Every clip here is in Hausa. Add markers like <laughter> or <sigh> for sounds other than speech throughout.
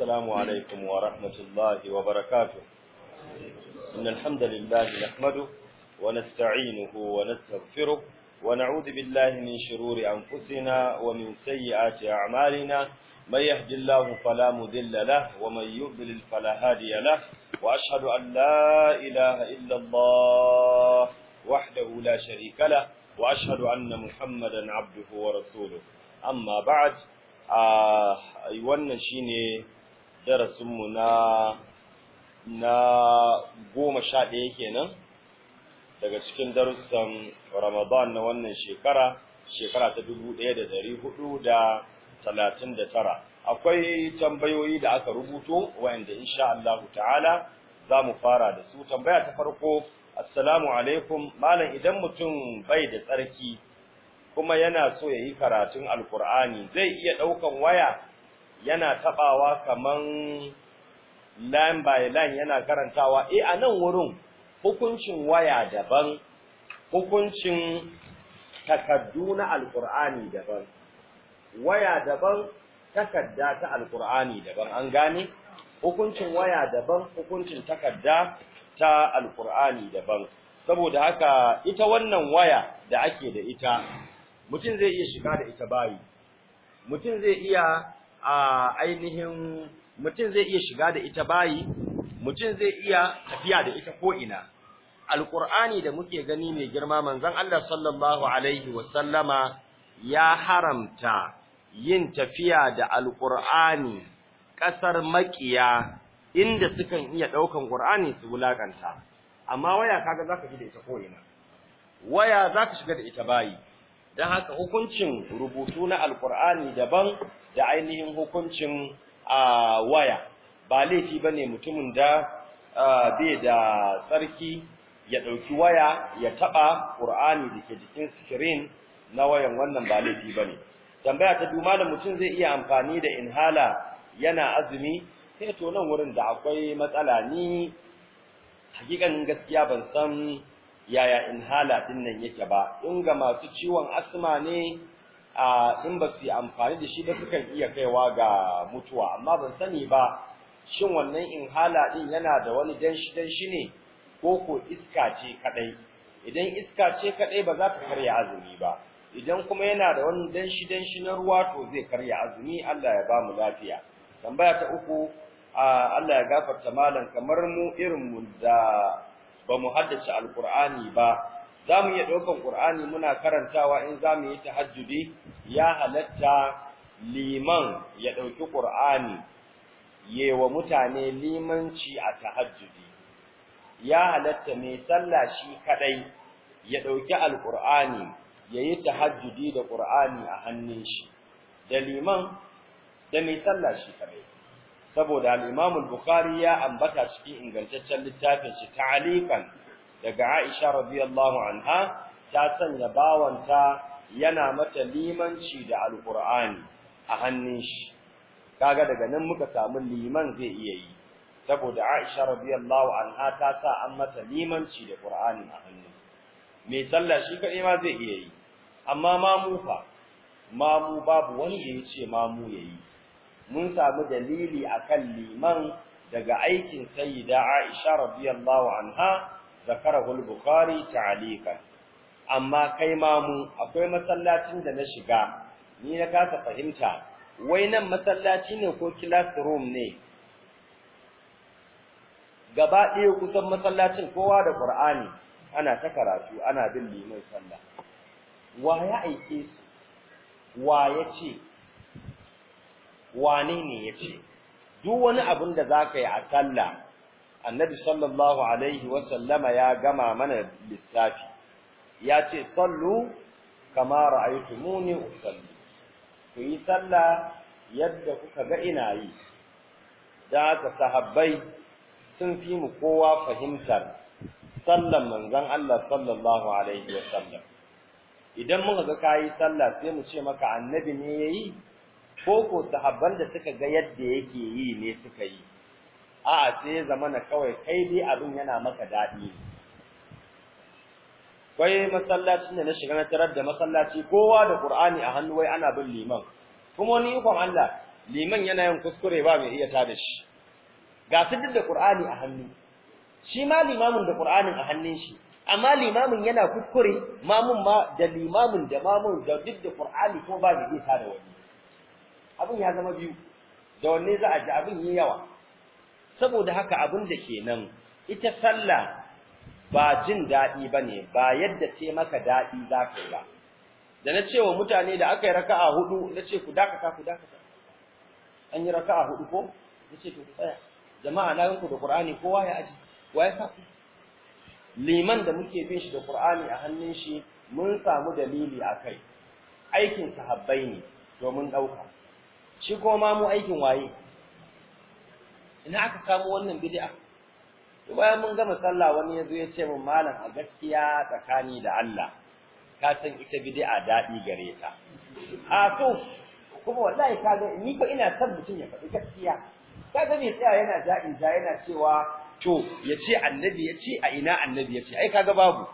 السلام عليكم ورحمة الله وبركاته إن الحمد لله نحمده ونستعينه ونستغفره ونعوذ بالله من شرور أنفسنا ومن سيئات أعمالنا من يهد الله فلا مذل له ومن يضلل فلا هادي له وأشهد أن لا إله إلا الله وحده لا شريك له وأشهد أن محمدا عبده ورسوله أما بعد wannan shine darasinmu na na goma sha ɗaya kenan daga cikin darussan Ramadan na wannan shekara shekara ta dubu ɗaya da ɗari hudu da talatin da tara akwai tambayoyi da aka rubuto wa'anda insha Allahu ta'ala za mu fara da su tambaya ta farko assalamu alaikum malam idan mutum bai da tsarki kuma yana so ya yi karatun alkur'ani zai iya ɗaukan waya yana taɓawa kaman line by line yana karantawa e a nan wurin hukuncin waya daban hukuncin takardu na alqur'ani daban waya daban takarda ta Alkur'ani daban an gane hukuncin waya daban hukuncin takarda ta Alkur'ani daban saboda haka ita wannan waya da ake da ita mutum zai iya shiga da ita bayi mutum zai iya a ainihin mutum zai iya shiga da ita bayi mutum zai iya tafiya da ita ko ina alqur'ani da muke gani mai girma manzon Allah sallallahu alaihi wasallama ya haramta yin tafiya da alqur'ani kasar makiya inda sukan iya daukan qur'ani su wulakanta amma waya kaga zaka ji da ita ko ina waya zaka shiga da ita bayi dan haka hukuncin rubutu na alqur'ani daban da ainihin hukuncin a waya ba laifi bane mutumin da bai da tsarki ya ɗauki waya ya taɓa ƙur'ani da ke jikin sikirin na wayan wannan ba laifi ba ne. tambaya ta duma da mutum zai iya amfani da inhala yana azumi sai eh to nan wurin da akwai matsala ni hakikan gaskiya ban san yaya inhala din nan yake ba in ga masu ciwon asma ne a in ba su yi amfani da shi ba sukan iya kaiwa ga mutuwa amma ban sani ba shin wannan inhala din yana da wani danshi danshi ne ko ko iska ce kadai idan iska ce kadai ba za ta karya azumi ba idan kuma yana da wani danshi danshi na ruwa to zai karya azumi Allah ya ba mu lafiya tambaya ta uku Allah ya gafarta malam kamar mu irin mu da ba mu haddace alqur'ani ba za mu iya ɗaukan ƙur'ani muna karantawa in za mu yi tahajjudi ya halatta liman ya ɗauki ƙur'ani wa mutane limanci a tahajjudi ya halatta mai sallah shi kaɗai ya ɗauki alƙur'ani ya yi tahajjudi da ƙur'ani a hannun shi da liman da mai sallah shi kaɗai saboda al'imamul bukhari ya ambata cikin ingantaccen littafin shi ta'alikan daga Aisha radiyallahu anha ta sanya bawanta yana mata limanci da alqur'ani a hannun shi kaga daga nan muka samu liman zai iya yi saboda Aisha radiyallahu anha ta sa an mata limanci da qur'ani a hannun me sallah shi kai ma zai iya yi amma mamu fa mamu babu wanda ya ce mamu yayi mun samu dalili akan liman daga aikin sayyida Aisha radiyallahu anha zakarahu al-bukhari ta'alika amma kai ma mu akwai masallacin da na shiga ni na kasa fahimta wai nan masallaci ne ko classroom ne gaba ɗaya kusan masallacin kowa da Qur'ani ana ta karatu ana bin liman sallah wa ya aike su wa ya ce wane ne ya ce duk wani abin da za ka yi a sallah annabi sallallahu alaihi wa ya gama mana lissafi ya ce sallu kama ra'aytumuni usalli ku yi sallah yadda kuka ga ina yi da haka sahabbai sun fi mu kowa fahimtar sallan manzon Allah sallallahu alaihi wa idan muka ga kayi sallah sai mu ce maka annabi ne yayi ko ko sahabban da suka ga yadda yake yi ne suka yi a'a sai ya zama na kawai kai dai abin yana maka daɗi kwai masallacin da na shiga na tarar da masallaci kowa da Qur'ani a hannu wai ana bin liman kuma ni ikon Allah liman yana yin kuskure ba mai iya tada shi ga su da Qur'ani a hannu shi ma limamin da Qur'anin a hannun shi amma limamin yana kuskure mamun ma da limamin da mamun da duk da Qur'ani ko ba mai isa da wani abin ya zama biyu da wanne za a ji abin yi yawa saboda haka abin da kenan ita sallah ba jin dadi bane ba yadda ce maka dadi zaka ba da na cewa mutane da aka yi raka'a hudu na ce ku dakata ku dakata an yi raka'a hudu ko na ce ku tsaya jama'a na ganku da qur'ani kowa ya aji waye ya liman da muke bin shi da qur'ani a hannun shi mun samu dalili akai aikin sahabbai ne domin dauka shi ko ma mu aikin waye ina aka samu wannan bid'a to bayan mun gama sallah wani yazo ya ce min malam a gaskiya tsakani da Allah ka san ita bid'a dadi gare ta a to kuma wallahi kaga ni ko ina son mutum ya faɗi gaskiya kaga ne tsaya yana ja'i da yana cewa to yace annabi yace a ina annabi yace ai kaga babu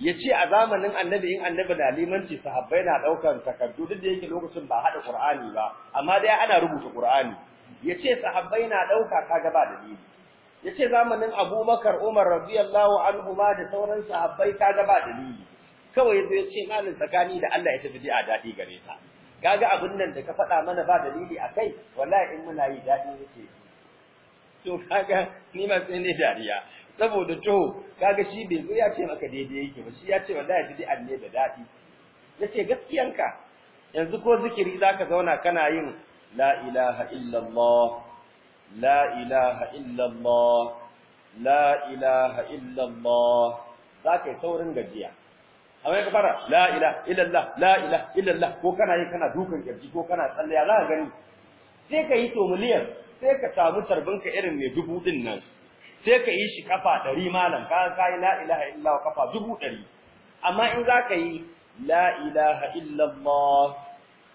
yace a zamanin annabi in annabi da limanci sahabbai na daukar takardu duk da yake lokacin ba hada qur'ani ba amma dai ana rubuta qur'ani yace sahabbai na dauka kaga ba dalili yace zamanin Abubakar Umar radiyallahu anhu ma da sauran sahabbai kaga ba dalili kawai yazo yace malin tsakani da Allah ya tafi da dadi gare ta kaga abin nan da ka faɗa mana ba dalili akai wallahi in muna yi dadi yake to kaga ni ma sai ne dariya saboda to kaga shi bai zo ya ce maka daidai yake ba shi ya ce wallahi bid'a ne da dadi yace gaskiyanka yanzu ko zikiri zaka zauna kana yin لا إله إلا الله لا إله إلا الله لا إله إلا الله ذاك ثورن gajiya amma ya fara la ilaha illallah la ilaha illallah ko kana yi kana dukan kirji ko kana tsallaya, ya zaka gani sai ka yi to sai ka samu tarbin ka irin mai dubu din sai ka yi shi kafa ɗari malam ka kai la ilaha illallah kafa dubu ɗari. amma in zaka yi la ilaha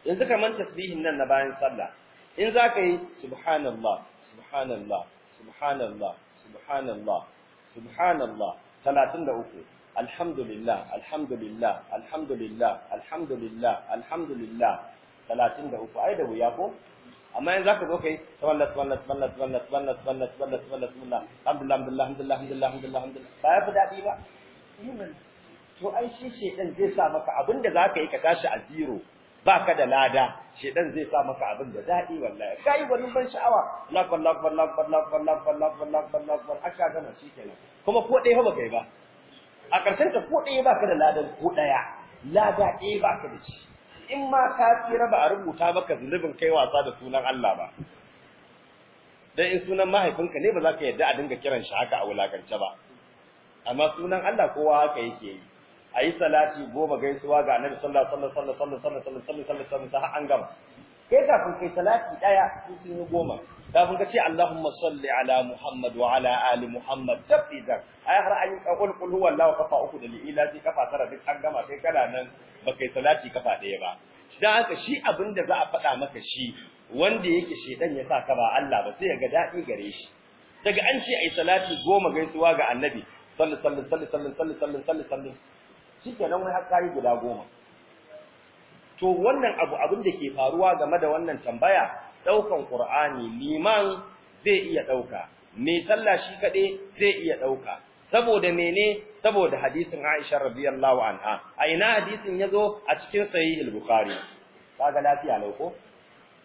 yanzu kaman tasbihin nan na bayan sallah in za ka yi subhanallah subhanallah subhanallah subhanallah subhanallah talatin da uku alhamdulillah alhamdulillah alhamdulillah alhamdulillah alhamdulillah talatin da uku ai da wuya ko amma yanzu ka zo kai tawalla tawalla tawalla tawalla tawalla tawalla tawalla tawalla tawalla alhamdulillah alhamdulillah alhamdulillah alhamdulillah alhamdulillah ba ya fi daɗi ba to ai shi shedan zai sa maka abinda zaka yi ka tashi a zero baka da lada shedan zai sa maka abin da dadi wallahi kai gwanin ban sha'awa la la la la la la la la la aka gana shikenan kuma ko dai ba kai ba a ƙarshen ta ko dai baka da ladan ko daya lada dai baka da shi in ma ka tsira ba a rubuta maka zulubin kai wasa da sunan Allah ba dan in sunan mahaifinka ne ba za ka yadda a dinga kiran shi haka a wulakance ba amma sunan Allah kowa haka yake yi a yi salati goma gaisuwa ga annabi sallallahu alaihi wasallam sallallahu alaihi wasallam sallallahu alaihi wasallam an gama kai kafin kai salati daya su sun yi goma kafin ka ce Allahumma salli ala Muhammad wa ala ali Muhammad tabbidan ai har an yi qul qul huwallahu kafa uku da li'ila sai kafa tara duk an gama kai kana nan ba kai salati kafa daya ba dan haka shi abin da za a faɗa maka shi wanda yake shedan ya sa ka ba Allah ba sai ya ga dadi gare shi daga an ce ai salati goma gaisuwa ga annabi sallallahu alaihi wasallam sallallahu alaihi wasallam sallallahu alaihi wasallam shikenan wai har kai guda goma to wannan abu abin da ke faruwa game da wannan tambaya daukan qur'ani liman zai iya dauka me sallah shi kade zai iya dauka saboda mene saboda hadisin Aisha radiyallahu anha a ina hadisin yazo a cikin sahih al-Bukhari kaga lafiya lau ko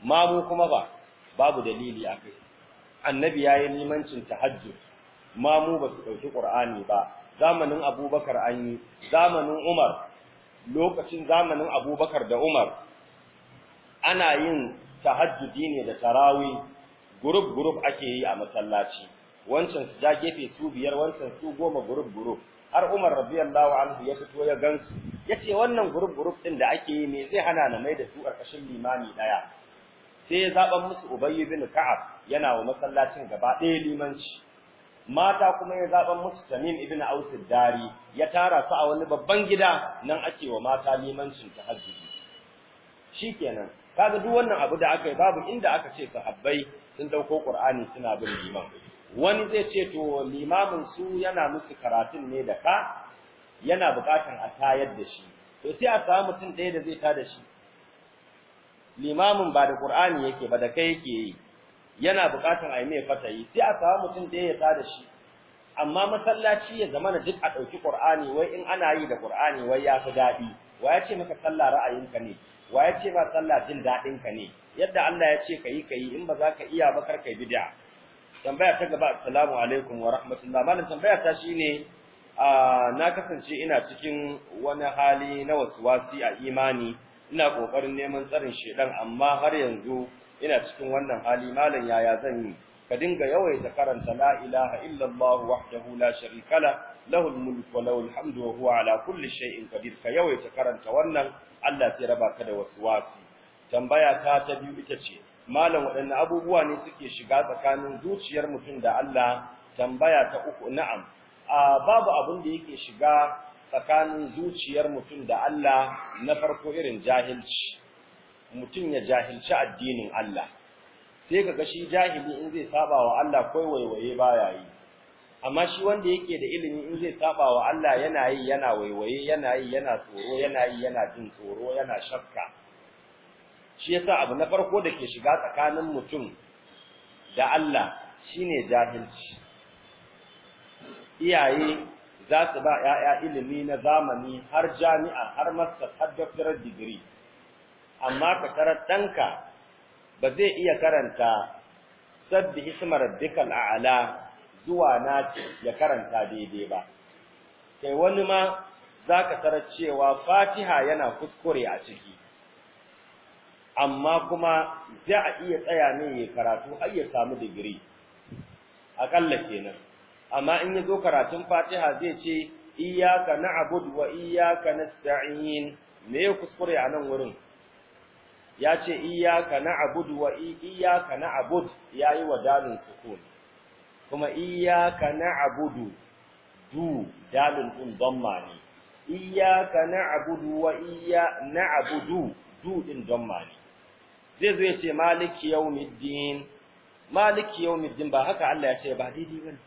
mamu kuma ba babu dalili akai annabi yi limancin tahajjud mamu ba su dauki qur'ani ba zamanin abubakar an yi zamanin umar lokacin zamanin abubakar da umar ana yin tahajjudi ne da tarawi gurub gurub ake yi a masallaci wancan su ja gefe su biyar wancan su goma gurub gurub har umar radiyallahu anhu ya fito ya gansu yace wannan gurub gurub din da ake yi ne zai hana na mai da su ƙarƙashin limami ɗaya. sai ya zaban musu ubay bin ka'ab yana wa masallacin gaba ɗaya limanci mata kuma ya zaban musu Tamim ibn ausir dari ya tara su a wani babban gida nan ake wa mata limancin tahajjudi shikenan kaga duk wannan abu da aka yi babu inda aka ce Habbai sun dauko ƙur'ani suna bin liman wani zai ce to limamin su yana musu karatun ne da ka yana bukatan a tayar da shi to sai a samu mutum ɗaya da zai ta da shi limamin ba da Qur'ani yake ba da kai yake yi yana buƙatar a yi mai fatayi sai a samu mutum da ya tada shi amma masallaci ya zama duk a ɗauki Qur'ani wai in ana yi da Qur'ani wai ya fi dadi wa ya ce maka sallah ra'ayinka ne wa ya ce ba sallah jin dadin ne yadda Allah ya ce kayi kayi in ba za ka iya ba kar kai bid'a tambaya ta gaba assalamu alaikum wa malam tambaya ta shine na kasance ina cikin wani hali na wasi a imani ina kokarin neman tsarin shedan amma har yanzu ina cikin wannan hali malam yaya zan yi ka dinga yawaita karanta la ilaha illallah wahdahu la sharika la lahul mulku wa lahul hamdu wa huwa ala kulli shay'in qadir ka yawaita karanta wannan Allah sai raba ka da wasu tambaya ta ta biyu ita ce malam waɗanne abubuwa ne suke shiga tsakanin zuciyar mutum da Allah tambaya ta uku na'am a babu abin da yake shiga tsakanin zuciyar mutum da Allah na farko irin jahilci mutum ya jahilci addinin Allah sai ka shi jahili in zai saba wa Allah kai waiwaye baya yi amma shi wanda yake da ilimi in zai saba wa Allah yana yi yana waiwaye yana yi yana tsoro yana yi yana jin tsoro yana shakka shi yasa abu na farko da ke shiga tsakanin mutum da Allah shine jahilci iyaye za su ba 'ya'ya ilimi na zamani har jami'a har masters har doctorate degree amma ka karar ɗanka ba zai iya karanta sabbi isma rabbikal a'la zuwa na ya karanta daidai ba kai wani ma zaka tarar cewa Fatiha yana kuskure a ciki amma kuma za a iya tsaya ne ya karatu har ya samu digiri akalla kenan amma in ya zo karatun Fatiha zai ce iyyaka na'budu wa iyyaka nasta'in me ya kuskure a nan wurin ya ce iyyaka na'budu wa iyyaka na'bud yayi wa dalun sukun kuma iyyaka na'budu du dalun din damma ne iyyaka na'budu wa iyya na'budu du din damma ne zai zai ce maliki yawmiddin maliki yawmiddin ba haka Allah ya ce ba daidai bane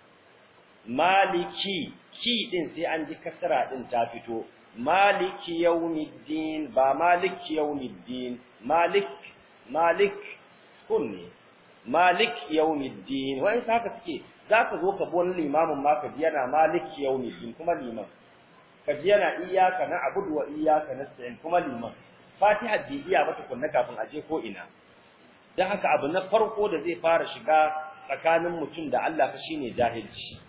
maliki ki din sai an ji kasara din ta fito maliki yawmiddin ba maliki yawmiddin malik malik kun ne malik yawmiddin wai haka suke zaka zo ka bi wani limamin ma ka yana malik yawmiddin kuma limam. ka ji yana iyyaka na abudu wa iyyaka nasta'in kuma liman fatiha bi iya ba kunna kafin a je ko'ina. dan haka abu na farko da zai fara shiga tsakanin mutum da Allah fa shine jahilci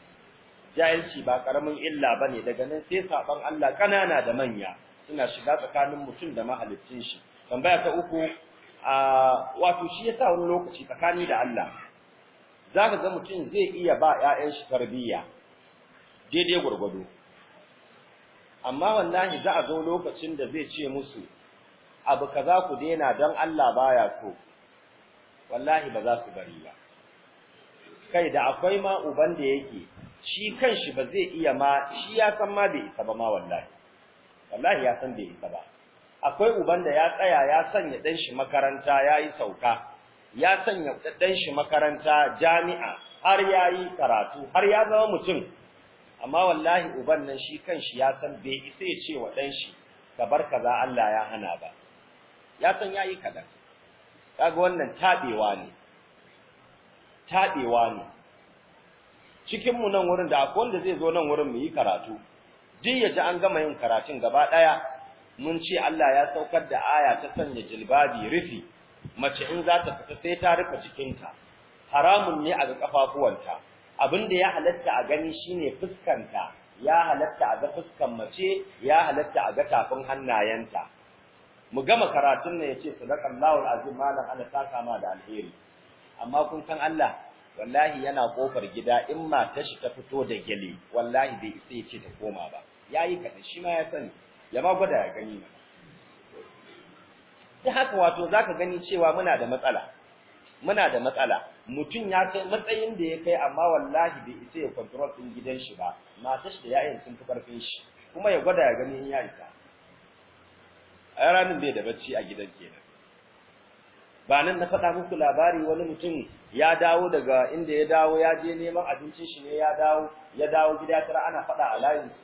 jahilci ba karamin illa bane daga nan sai saban Allah kanana da manya suna shiga tsakanin mutum da mahaliccin shi tambaya ta uku a wato shi yasa wani lokaci tsakani da Allah zaka ga mutum zai iya ba ƴaƴan shi tarbiyya daidai gurgudu amma wallahi za a zo lokacin da zai ce musu abu kaza ku daina dan Allah baya so wallahi ba za su bari ba kai da akwai ma uban da yake shi kanshi ba zai iya ma shi ya san ma bai isa ba ma wallahi wallahi ya san bai isa ba akwai uban da ya tsaya ya sanya dan shi makaranta yayi sauka ya sanya dan shi makaranta jami'a har yayi karatu har ya zama mutum amma wallahi uban nan shi kanshi ya san bai isa ya ce wa dan shi ka bar kaza Allah ya hana ba ya san yayi kadan kaga wannan tabewa ne tabewa ne cikin mu nan wurin da akwai wanda zai zo nan wurin mu yi karatu duk ya ji an gama yin karatun gaba daya mun ce Allah ya saukar da aya ta sanya jilbabi rufi mace in za ta fita sai ta rufe jikinta haramun ne a ga kafafuwanta abin da ya halatta a gani shine fuskanta ya halatta a ga fuskan mace ya halatta a ga tafin hannayenta mu gama karatun ne yace sadaqallahu alazim malam ana ta kama da alheri amma kun san Allah wallahi yana kofar gida in ma shi ta fito da gele wallahi bai isa ya ce ta koma ba yayi kaɗan shi ma ya sani ya ma gwada ya gani ma ta haka wato zaka gani cewa muna da matsala muna da matsala mutum ya kai matsayin da ya kai amma wallahi bai isa ya control din gidan shi ba matar shi da yayin sun fi karfin shi kuma ya gwada ya gani in ya isa a ranin bai da bacci a gidan kenan ba nan na faɗa muku labari wani mutum ya dawo daga inda ya dawo ya je neman abincin shi ne ya dawo ya dawo gida tara ana faɗa a layin su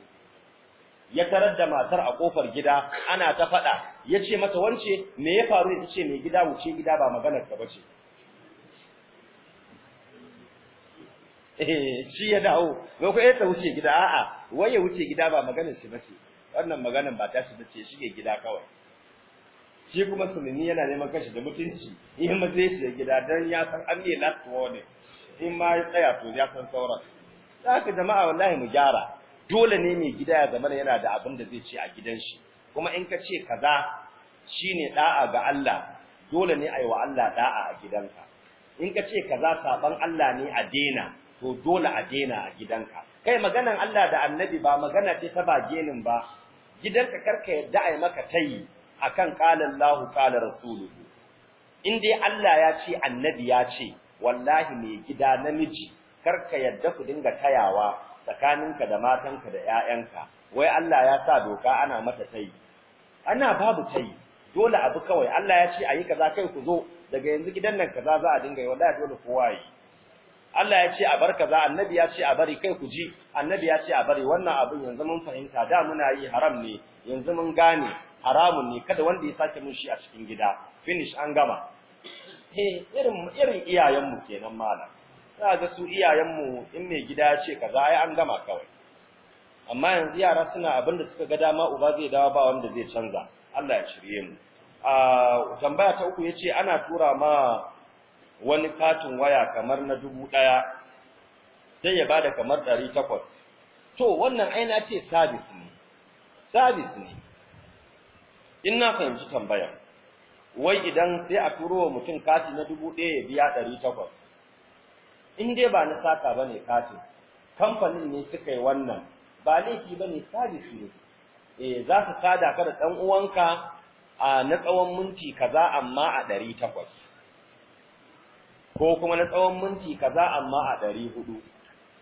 ya tarar da matar a kofar gida ana ta faɗa ya ce mata wance me ya faru ya ce mai gida wuce gida ba maganar ka bace eh, shi ya dawo ba ku ta wuce gida a'a wai ya wuce gida ba maganar shi bace wannan maganar ba ta shi bace shige gida kawai shi kuma sulmi yana neman kashi da mutunci in ma zai shiga gida dan ya san an ne last warning in ma ya tsaya to ya san sauran haka jama'a wallahi mu gyara dole ne mai gida ya zama yana da abin da zai ce a gidan shi kuma in ka ce kaza shine da'a ga Allah dole ne yi wa Allah da'a a gidanka in ka ce kaza saban Allah ne a dena to dole a dena a gidanka kai maganan Allah da Annabi ba magana ce ta ba genin ba gidanka karka yadda ai maka tayi akan qala Allahu qala rasuluhu in dai Allah ya ce annabi ya ce wallahi mai gida namiji kar ka yadda ku dinga tayawa tsakaninka da matanka da ƴaƴanka wai Allah ya sa doka ana mata tayi ana babu tayi dole abu kawai Allah ya ce ayi kaza kai ku zo daga yanzu gidan nan kaza za a dinga yi wallahi dole kowa yi Allah ya ce a bar kaza annabi ya ce a bari kai ku ji annabi ya ce a bari wannan abin yanzu mun fahimta da muna yi haram ne yanzu mun gane haramun ne kada wanda ya sake mun shi a cikin gida finish an gama eh irin irin iyayenmu kenan malam za ga su iyayenmu in mai gida ya ce kaza ai an gama kawai amma yanzu yara suna abin da suka ga dama uba zai dawo ba wanda zai canza Allah ya shirye mu a tambaya ta uku yace ana tura ma wani katin waya kamar na dubu ɗaya sai ya bada kamar ɗari takwas to wannan aina ce sabis ne sabis ne in na fahimci tambayar, wai idan sai a turo wa mutum kati na dubu ɗaya ya biya ɗari takwas in dai ba na saka ba ne katin kamfanin ne suka yi wannan ba laifi ba ne sabis ne eh za su sada ka da ɗan uwanka a na tsawon minti kaza amma a ɗari takwas ko kuma na tsawon minti kaza amma a ɗari hudu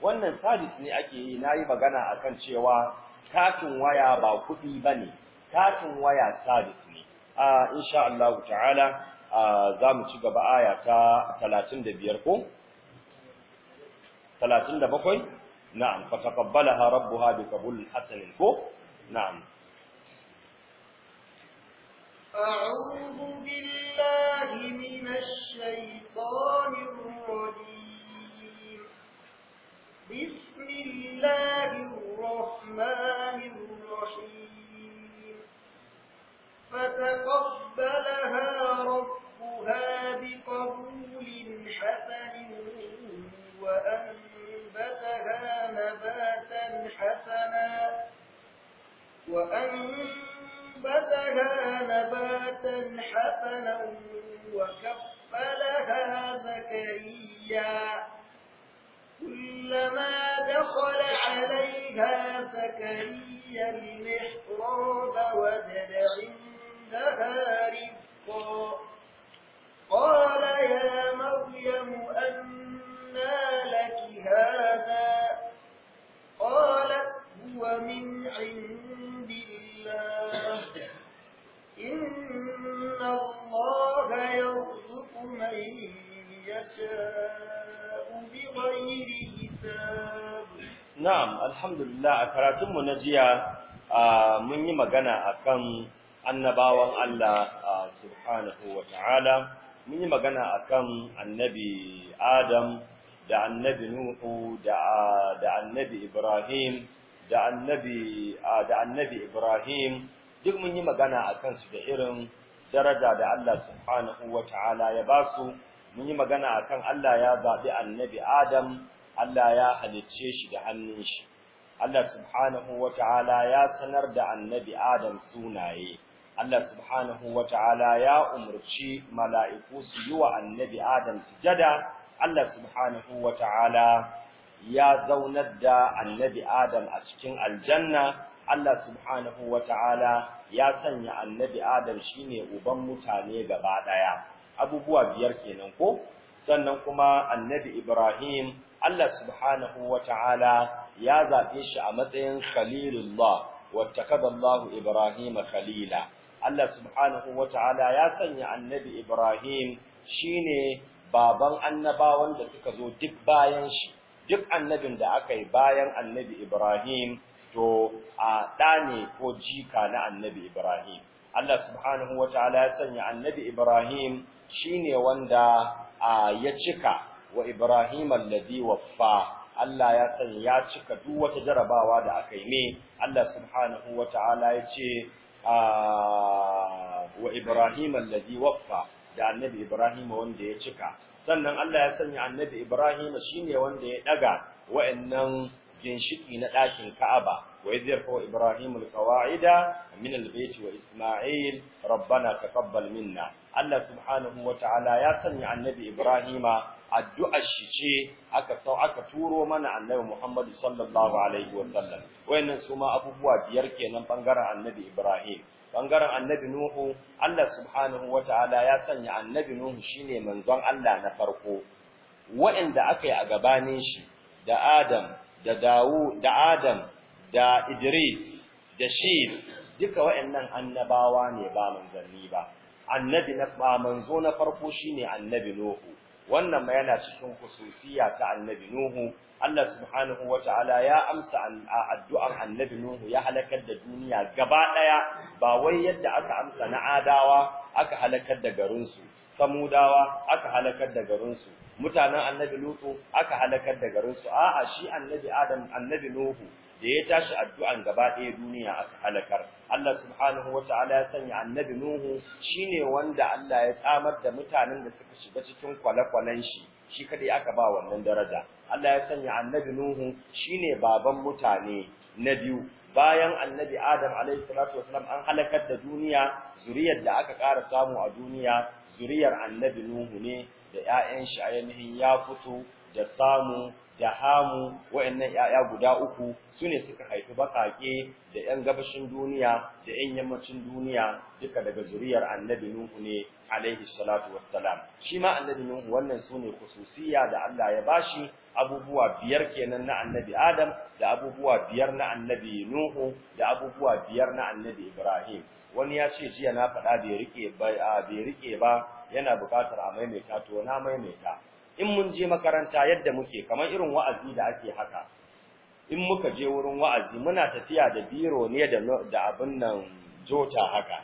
wannan sabis ne ake yi na yi magana akan cewa katin waya ba kuɗi ba ne katin waya sabis ne ah insha Allah ta'ala za mu ci gaba aya ta 35 ko 37 na'am fa taqabbalaha rabbuha bi qabul hasan ko na'am a'udhu billahi minash الشيطان rajim bismillahir rahmanir rahim فتقبلها ربها بقبول حسن وأنبتها نباتا حسنا وأنبتها نباتا حسنا وكفلها زكريا كلما دخل عليها زكريا المحراب وجد عنده لها رزقا قال يا مريم أنى لك هذا قالت هو من عند الله إن الله يرزق من يشاء بغير حساب نعم الحمد لله أكرتم نجيا mun yi magana akan annabawan Allah subhanahu ta'ala mun yi magana akan annabi Adam da annabi Nuhu da da annabi Ibrahim da annabi da annabi Ibrahim duk mun yi magana akan su da irin daraja da Allah subhanahu ta'ala ya ba su. mun yi magana akan Allah ya zaɓi annabi Adam Allah ya halicce shi da hannun shi Allah subhanahu ta'ala ya sanar da annabi Adam sunaye Allah subhanahu ta'ala ya umurci mala'iku su yi wa annabi Adam sujada Allah subhanahu ta'ala ya zaunar da annabi Adam a cikin aljanna Allah subhanahu ta'ala ya sanya annabi Adam shine uban mutane gaba daya abubuwa biyar kenan ko sannan kuma annabi Ibrahim Allah subhanahu ta'ala ya zabe shi a matsayin khalilullah wattakaballahu Ibrahim khalila Allah subhanahu wata'ala ya sanya annabi Ibrahim shine baban annabawan da suka zo duk bayan shi duk annabin da aka yi bayan annabi Ibrahim to a ɗa ne ko jika na annabi Ibrahim Allah subhanahu wata'ala ya sanya annabi Ibrahim shine wanda ya cika wa Ibrahim alladhi waffa Allah ya sanya ya cika duk wata jarabawa da aka yi ne Allah subhanahu wata'ala ya ce wa Ibrahim alladhi waffa da annabi Ibrahim wanda ya cika sannan Allah ya sanya annabi Ibrahim shine wanda ya daga wa'annan ginshiki na dakin Ka'aba wa yadhfa Ibrahim alqawaida min albayt wa Isma'il rabbana taqabbal minna Allah subhanahu wataala ya sanya annabi Ibrahima addu'ar shi ce aka sau aka turo mana annabi Muhammad sallallahu alaihi Sallam. wayannan su ma abubuwa biyar kenan bangaren annabi Ibrahim bangaren annabi Nuhu Allah subhanahu ta'ala ya sanya annabi Nuhu shine manzon Allah na farko wayanda aka yi a gabanin shi da Adam da Dawu da Adam da Idris da Shif duka wayannan annabawa ne ba manzanni ba annabi na manzo na farko shine annabi nuhu wannan ma yana cikin khususiya ta annabi nuhu Allah subhanahu wataala ya amsa addu'ar annabi nuhu ya halakar da duniya gaba daya ba wai yadda aka amsa na adawa aka halakar da garin su samudawa aka halakar da garin su mutanen annabi lutu aka halakar da garin su a'a shi annabi adam annabi nuhu da ya tashi addu'an gaba ɗaya duniya aka halakar Allah subhanahu wataala ya sanya annabi Nuhu shine wanda Allah ya tsamar da mutanen da suka shiga cikin kwale-kwalen shi shi kadai aka ba wannan daraja Allah ya sanya annabi Nuhu shine baban mutane na biyu bayan annabi Adam alayhi salatu wasalam an halakar da duniya zuriyar da aka ƙara samu a duniya zuriyar annabi Nuhu ne da ƴaƴan shi ainihin ya fito da samu da hamu ‘ya'ya guda uku su ne suka haifi baƙaƙe da ‘yan gabashin duniya da ‘yan yammacin duniya duka daga zuriyar annabi Nuhu ne alaihi salatu wassalam shi ma annabi Nuhu wannan su ne kususiya da Allah ya bashi abubuwa biyar kenan na annabi Adam da abubuwa biyar na annabi Nuhu da abubuwa biyar na annabi Ibrahim wani ya ce jiya na faɗa bai rike ba yana buƙatar a maimaita to na maimaita in mun je makaranta yadda muke kamar irin wa'azi da ake haka in muka je wurin wa'azi muna tafiya da biro ne da da abin nan jota haka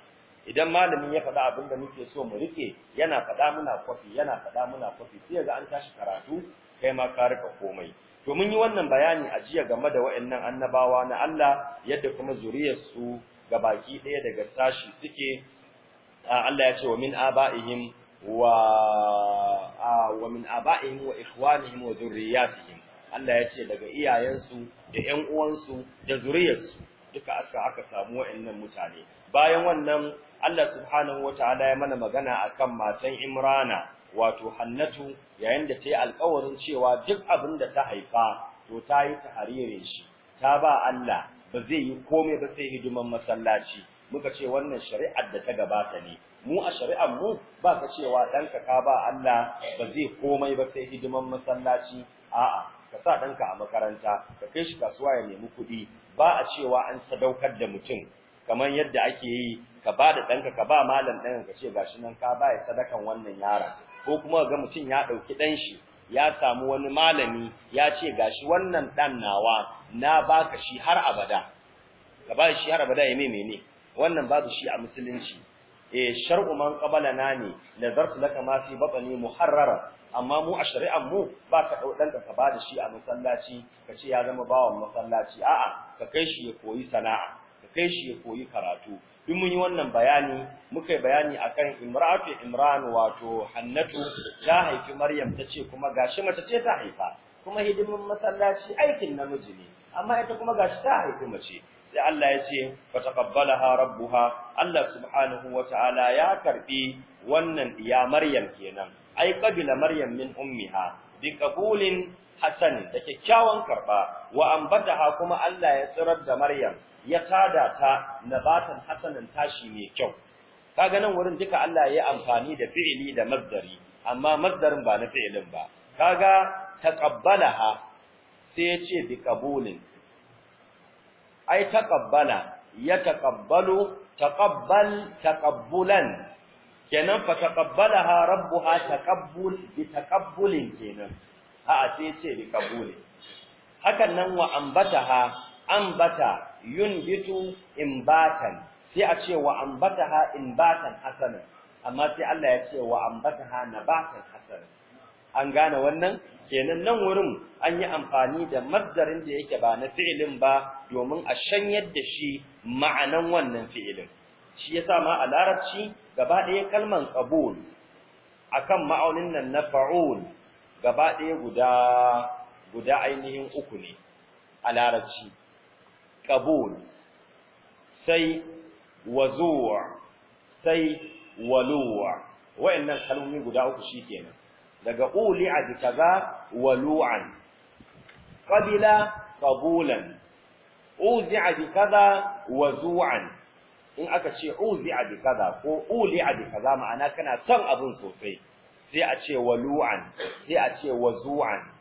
idan malamin ya faɗa abin da muke so mu rike yana faɗa muna kofi yana faɗa muna kofi, sai ga an tashi karatu kai ma ka rika komai to mun yi wannan bayani a jiya game da waɗannan annabawa na Allah yadda kuma zuriyarsu ga baki ɗaya daga sashi suke Allah ya ce wa min aba'ihim wa wa min aba'ihim wa ikhwanihim wa dhurriyyatihim Allah ya ce daga iyayensu da ƴan uwansu da zuriyarsu duka aka aka samu wa'annan mutane bayan wannan Allah subhanahu wataala ya mana magana akan matan Imrana wato Hannatu yayin da ta yi alƙawarin cewa duk abin da ta haifa to ta yi tahririn shi ta ba Allah ba zai yi komai ba sai hidiman masallaci muka ce wannan shari'ar da ta gabata ne mu a shari'ar mu ba ka cewa dan ka ba Allah ba zai komai ba sai hidiman masallaci a'a ka sa dan ka a makaranta ka kai shi kasuwa ya nemi kuɗi ba a cewa an sadaukar da mutum kamar yadda ake yi ka ba da ɗanka ka ba malam ɗanka ka ce gashi nan ka ba ya sadakan wannan yaron ko kuma ga mutum ya ɗauki ɗan shi ya samu wani malami ya ce gashi wannan ɗan nawa na baka shi har abada ka ba shi har abada ya mene wannan babu shi a musulunci E, shar'u man na ne la zartu laka ma fi batni muharrara amma mu a shari'ar mu ba ka dau danka ka bada shi a masallaci ka ce ya zama bawan masallaci a'a ka kai shi ya koyi sana'a ka kai shi ya koyi karatu duk mun yi wannan bayani muka yi bayani akan imra'atu imran wato hannatu ta haifi maryam tace kuma gashi mace ce ta haifa kuma hidimin masallaci aikin namiji ne amma ita kuma gashi ta haifi mace Sai Allah ya ce fa taqabbalaha rabbuha Allah subhanahu wataala ya karbi wannan ya Maryam kenan ai qabila Maryam min ummiha bi qabulin hasan da kyakkyawan karba wa ambataha kuma Allah ya tsirar da Maryam ya tada ta nabatan hasanan tashi mai kyau kaga nan wurin duka Allah ya amfani da fi'ili da masdari amma masdarin ba na fi'ilin ba kaga taqabbalaha sai ya ce bi qabulin ai taqabbala ya taqabbalu taqabbal taqabbulan kenan fa taqabbalaha rabbuha taqabbul bi taqabbulin kenan ha a sai ce bi qabulin hakan nan wa ambataha ambata yunbitu imbatan sai a ce wa ambataha imbatan hasanan amma sai Allah ya ce wa ambataha nabatan hasanan an gane wannan kenan nan wurin an yi amfani da mazdarin da yake ba na fi'ilin ba domin a shanyar da shi ma'anan wannan fi'ilin shi yasa ma a larabci gaba ɗaya kalman qabul akan ma'aunin nan na fa'ul gaba ɗaya guda guda ainihin uku ne a larabci qabul sai wazu' sai wa'in wa'annan kalmomi guda uku shi kenan. daga uli'a bi kaza walu'an qabila qabulan uzi'a bi kaza wazu'an in aka ce uzi'a bi kaza ko uli'a bi kaza ma'ana kana son abin sosai sai a ce walu'an sai a ce wazu'an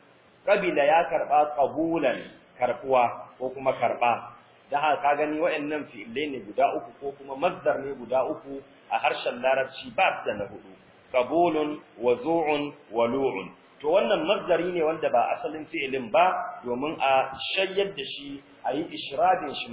Ƙabila ya karɓa qabulan karbuwa ko kuma karɓa. da haka ka gani waɗannan fi'ilai ne guda uku ko kuma mazdar ne guda uku a harshen larabci ba da na hudu qabulun wa walu'un to wannan mazdari ne wanda ba asalin fi'ilin ba domin a shayyar da shi a yi shi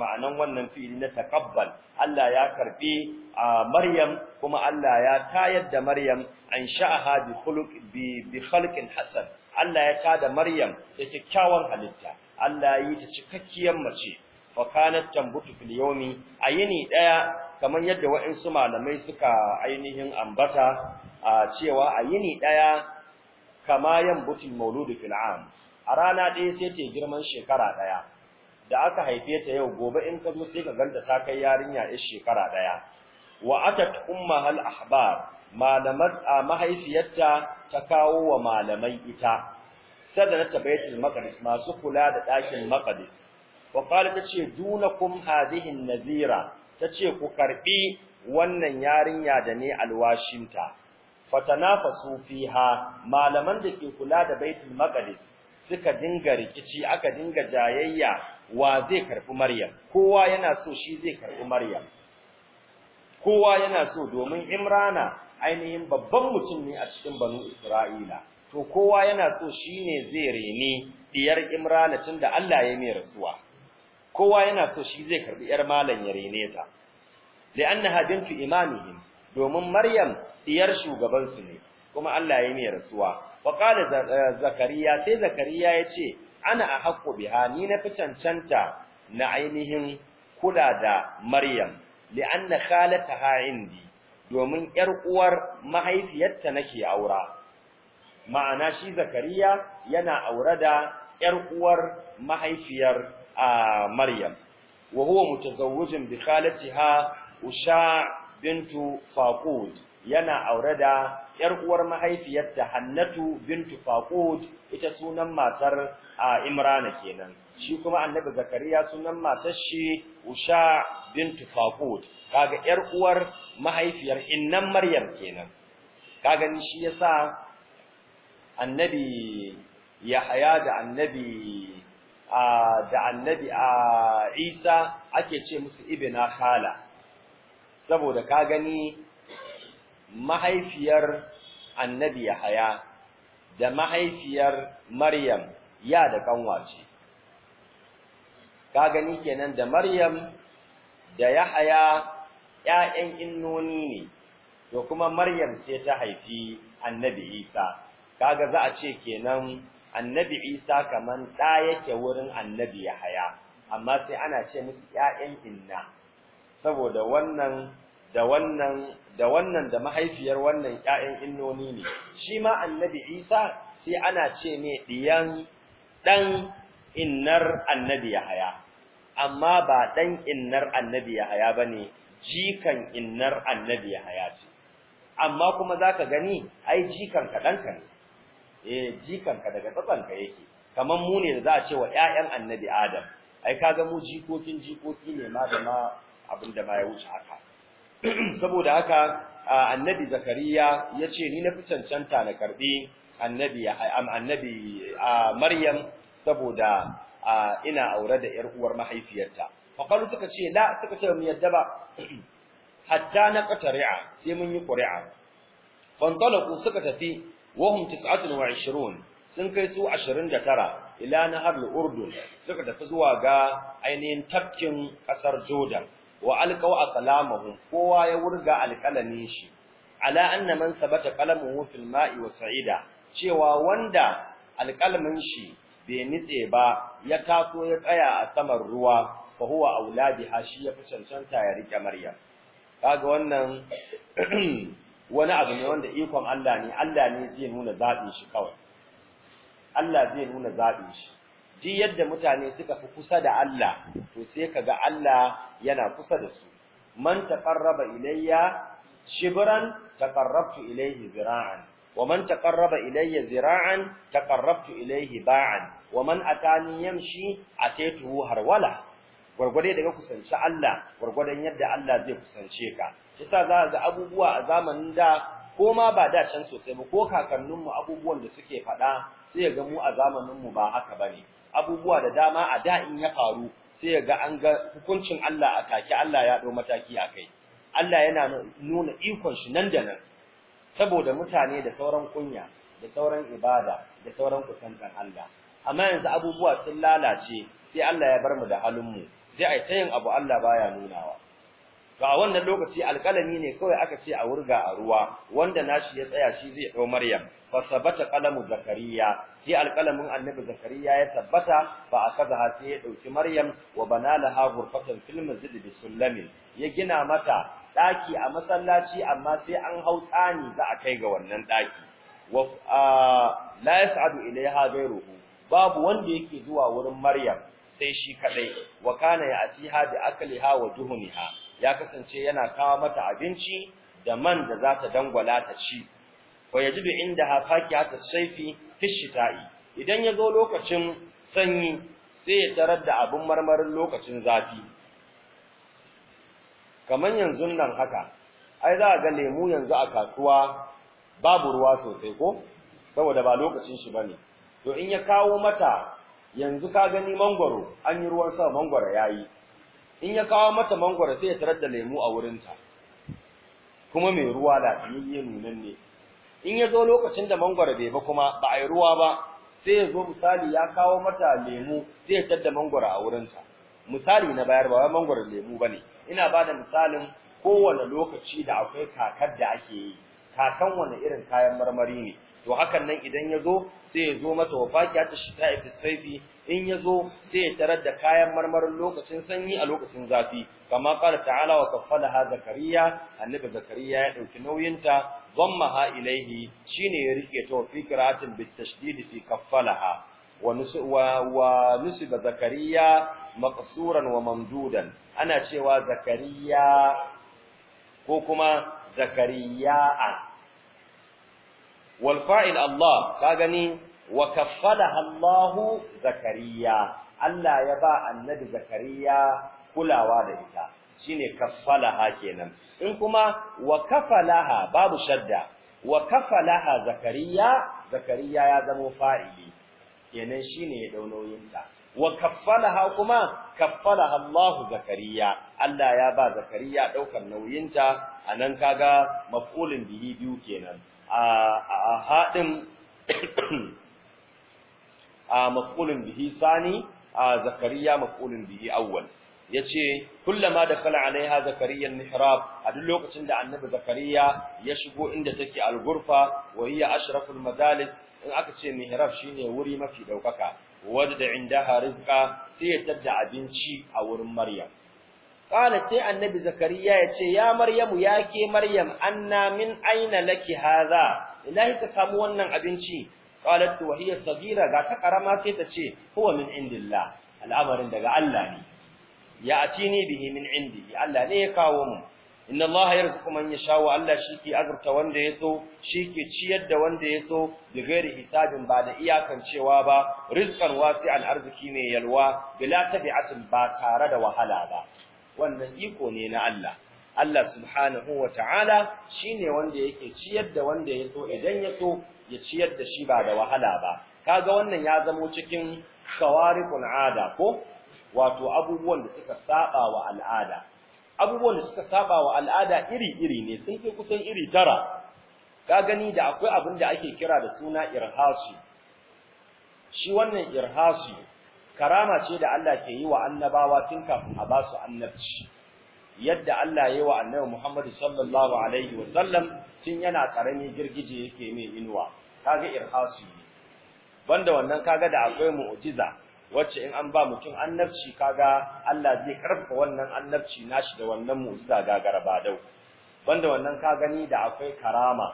ma'anan wannan fi'ili na taqabbal Allah ya karbi a Maryam kuma Allah ya tayar da Maryam an sha'aha bi khuluq bi bi khalqin hasan Allah ya tada Maryam da kyakkyawan halitta Allah ya yi ta cikakkiyar mace fa kanat tambutu fil yawmi ayini daya kamar yadda wa'insu malamai suka ainihin ambata a cewa a yini ɗaya, kama butin mauludu fil a rana ɗaya sai ta girman shekara ɗaya da aka haife ta yau gobe in ka zo sai ka ganta ta kai yarinya ya shekara ɗaya wa atat hal ahbar malamat a mahaifiyarta ta kawo wa malamai ita sada na baitul maqdis masu kula da ɗakin maqdis wa ta ce dunakum hadhihi nazira nazira ce ku karbi wannan yarinya da ne alwashinta fatanafasu fiha malaman da ke kula da baitul maqdis suka dinga rikici aka dinga jayayya wa zai karbi maryam kowa yana so shi zai karbi maryam kowa yana so domin imrana ainihin babban mutum ne a cikin banu isra'ila to kowa yana so shine zai reni diyar imrana tunda Allah ya mai rasuwa kowa yana so shi zai karbi yar malam ya rene ta li'annaha bintu imamihim domin Maryam diyar shugaban su ne kuma Allah ya yi rasuwa wa eh, zakariya sai zakariya yace ana a haqqu biha ni na fi cancanta na ainihin kula da Maryam li'anna khalataha indi domin yar uwar mahaifiyarta nake aura ma'ana shi zakariya yana aure da yar uwar mahaifiyar ah, Maryam wa huwa mutazawwijun bi khalatiha usha bintu faqud yana aure da yar uwar mahaifiyarta Hannatu bintu Faqud ita sunan matar a Imrana kenan shi kuma Annabi Zakariya sunan matar shi Usha bintu Faqud kaga yar uwar mahaifiyar innan Maryam kenan kaga ni shi yasa Annabi Yahya da Annabi da Annabi Isa ake ce musu ibna khala saboda ka gani mahaifiyar annabi Yahaya da mahaifiyar Maryam ya da kanwa ce ka gani kenan da Maryam da Yahaya ƴaƴan innoni ne to kuma Maryam ce ta haifi annabi Isa kaga za a ce kenan annabi Isa kaman ɗa yake wurin annabi Yahaya amma sai ana ce musu ƴaƴan inna saboda wannan da wannan da wannan da mahaifiyar wannan ƴaƴan innoni ne shi ma annabi Isa sai ana ce ne diyan dan innar annabi Yahaya amma ba dan innar annabi Yahaya bane jikan innar annabi Yahaya ce amma kuma zaka gani ai jikan ka danka ne eh jikan ka daga tsatsanka yake kaman mu ne da za a ce wa ƴaƴan annabi Adam ai kaga mu jikokin jikoki ne ma da ma abinda ma ya wuce haka <clears throat> saboda haka annabi zakariya ya ce ni na fi cancanta na karɓi, annabi annabi maryam saboda ina aure da yar uwar mahaifiyarta faqalu suka ce la suka ce mu yadda ba <clears throat> hatta na qatari'a sai mun yi qari'a fantalaqu suka tafi wa 29 sun kai su 29 ila nahar al-urdun suka tafi zuwa ga ainihin tafkin ƙasar jordan wa alqaw aqlamahum kowa ya wurga alqalamin shi ala anna man sabata qalamuhu fil ma'i wa sa'ida cewa wanda alqalamin shi bai nitse ba ya taso ya tsaya a saman ruwa fa huwa auladi hashi ya fi cancanta ya rike maryam kaga wannan <clears throat> wani abu ne wanda ikon Allah ne Allah ne zai nuna zaɓin shi kawai Allah zai nuna zaɓin shi ji yadda mutane suka fi kusa da Allah to sai kaga Allah yana kusa da su man taqarraba ilayya shibran taqarrabtu ilayhi zira'an wa man taqarraba ilayya zira'an taqarrabtu ilayhi ba'an wa man atani yamshi ataytuhu harwala gurgure daga kusanci Allah gwargwadon yadda Allah zai kusance ka yasa za ga abubuwa a zamanin da ko ma ba da can sosai ba ko kakanninmu abubuwan da suke faɗa sai ga mu a zamaninmu ba haka bane abubuwa da dama a da in ya faru sai ga an ga hukuncin Allah a take Allah ya dau mataki a kai Allah yana nuna ikon shi nan da nan saboda mutane da sauran kunya da sauran ibada da sauran kusantan Allah amma yanzu abubuwa sun lalace sai Allah ya bar mu da halin mu sai ai tayin abu Allah baya nunawa to a wannan lokaci alƙalami ne kawai aka ce a wurga a ruwa wanda nashi ya tsaya shi zai dau Maryam fa sabata qalamu zakariya sai alƙalamin annabi zakariya ya tabbata ba a kaza ha sai ya dauki maryam wa banalaha ghurfatan fil masjid bi sullamin ya gina mata daki a masallaci amma sai an hau tsani za a kai ga wannan daki wa la yas'adu ilaiha ghayruhu babu wanda yake zuwa wurin maryam sai shi kadai wa kana atiha bi akliha wa duhuniha ya kasance yana kawo mata abinci da man da za ta dangwala ta ci wa yajidu indaha fakihatu sayfi fishita'i idan ya zo lokacin sanyi sai ya tarar da abun marmarin lokacin zafi kamar yanzu nan haka ai za a ga lemu yanzu a kasuwa babu ruwa sosai ko saboda ba lokacin shi bane to in ya kawo mata yanzu ka gani mangoro an yi ruwan sama mangoro yayi in ya kawo mata mangwaro sai ya tarar da lemu a wurinta kuma mai ruwa lafiyayye nunan ne in ya zo lokacin da mangwaro bai ba kuma ba a yi ruwa ba sai ya zo misali ya kawo mata lemu sai ya tadda mangwaro a wurinta misali na bayar ba mangwaro lemu ba ne ina ba da misalin kowane lokaci da akwai kakar da ake yi kakan wani irin kayan marmari ne to hakan nan idan ya zo sai ya zo mata wafakiya ta shita a saifi, in ya zo sai ya tarar da kayan marmarin lokacin sanyi a lokacin zafi kama kala ta'ala wa kaffala ha zakariya annabi zakariya ya ɗauki nauyinta ضمها إليه شين يريكته في قراءة بالتشديد في كفلها ونسب زكريا مقصورا وممدودا أنا شوى زكريا كوكما زكريا والفاعل الله كاغني وكفلها الله زكريا Allah ya ba annabi Zakariya kulawa da ita shine kaffalaha kenan in kuma wa kafalaha babu shadda wa kafalaha zakariya zakariya ya zamo fa'ili kenan shine ya daunoyin ta wa kafalaha kuma kafalaha Allah zakariya Allah ya ba zakariya daukar nauyinta anan kaga maf'ulin bihi biyu kenan a hadin <coughs> a maf'ulin bihi sani a zakariya maf'ulin bihi awwal yace kullama kala alaiha zakariya al-mihrab a duk lokacin da annabi zakariya ya shigo inda take al-ghurfa wa ashraful madalis in aka ce mihrab shine wuri mafi daukaka wadda indaha rizqa sai ya tada abinci a wurin maryam qala sai annabi zakariya yace ya maryamu yake maryam anna min aina laki hadha ilahi ka samu wannan abinci qalat wa hiya ga ta karama sai ta ce huwa min indillah al'amarin daga Allah ne ya'tini bihi min indi Allah ne ya kawo mu inna Allah yarzuqu man yasha wa Allah shike azurta wanda yaso shike ciyar da wanda yaso bi ghairi hisabin ba da iyakan cewa ba rizqan wasi'al arziki ne yalwa bila tabi'atin ba tare da wahala ba wannan iko ne na Allah Allah subhanahu wa ta'ala shine wanda yake ciyar da wanda yaso idan yaso ya ciyar da shi ba da wahala ba kaga wannan ya zamo cikin shawariqul ada ko wato abubuwan da suka saba wa al'ada abubuwan da suka saba wa al'ada iri-iri ne sun kai kusan iri tara ka gani da akwai abin da ake kira da suna irhasi shi wannan irhasi karama ce da Allah ke yi wa annabawa tun kafin a basu su annabci yadda Allah ya yi wa annabi Muhammad sallallahu alaihi wa sallam tun yana karami girgije yake mai inuwa kaga irhasi banda wannan kaga da akwai mu'jiza wacce in an ba mutum annabci kaga Allah zai karfafa wannan annabci nashi da wannan mu'jiza gagara ba dau banda wannan ka gani da akwai karama